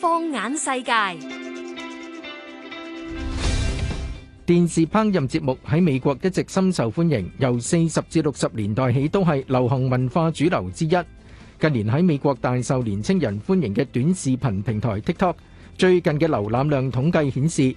放眼世界，電視烹飪節目喺美國一直深受歡迎，由四十至六十年代起都係流行文化主流之一。近年喺美國大受年青人歡迎嘅短視頻平台 TikTok，最近嘅瀏覽量統計顯示，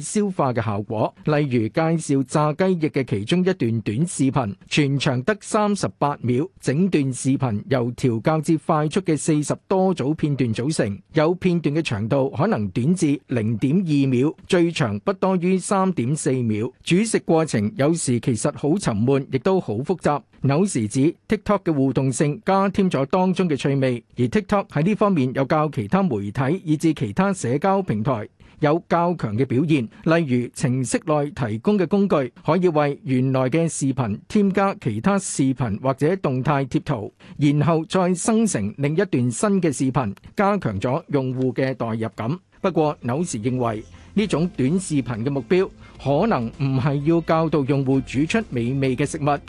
消化嘅效果，例如介紹炸雞翼嘅其中一段短視頻，全長得三十八秒，整段視頻由調校至快速嘅四十多組片段組成，有片段嘅長度可能短至零點二秒，最長不多於三點四秒。煮食過程有時其實好沉悶，亦都好複雜。偶時指 TikTok 嘅互動性加添咗當中嘅趣味，而 TikTok 喺呢方面又較其他媒體以至其他社交平台。有較強嘅表現，例如程式內提供嘅工具，可以為原來嘅視頻添加其他視頻或者動態貼圖，然後再生成另一段新嘅視頻，加強咗用戶嘅代入感。不過，紐時認為呢種短視頻嘅目標，可能唔係要教導用戶煮出美味嘅食物，而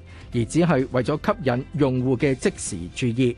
只係為咗吸引用戶嘅即時注意。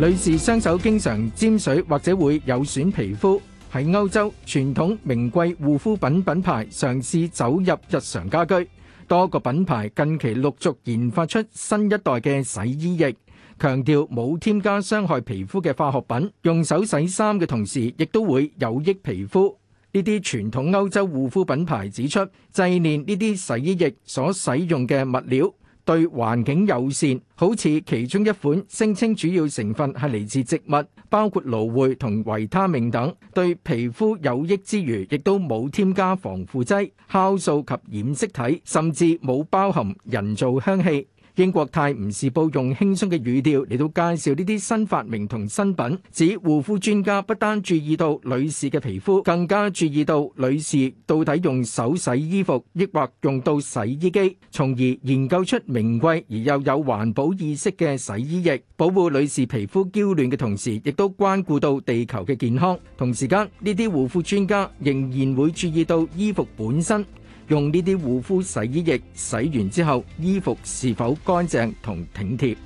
女士雙手經常沾水或者會有損皮膚，喺歐洲，傳統名貴護膚品品牌嘗試走入日常家居。多個品牌近期陸續研發出新一代嘅洗衣液，強調冇添加傷害皮膚嘅化學品。用手洗衫嘅同時，亦都會有益皮膚。呢啲傳統歐洲護膚品牌指出，製煉呢啲洗衣液所使用嘅物料，對環境友善，好似其中一款聲稱主要成分係嚟自植物，包括蘆薈同維他命等，對皮膚有益之餘，亦都冇添加防腐劑、酵素及染色體，甚至冇包含人造香氣。英國泰晤士報用輕鬆嘅語調嚟到介紹呢啲新發明同新品，指護膚專家不單注意到女士嘅皮膚，更加注意到女士到底用手洗衣服，抑或用到洗衣機，從而研究出名貴而又有環保意識嘅洗衣液，保護女士皮膚嬌嫩嘅同時，亦都關顧到地球嘅健康。同時間，呢啲護膚專家仍然會注意到衣服本身。用呢啲護膚洗衣液洗完之後，衣服是否乾淨同挺貼？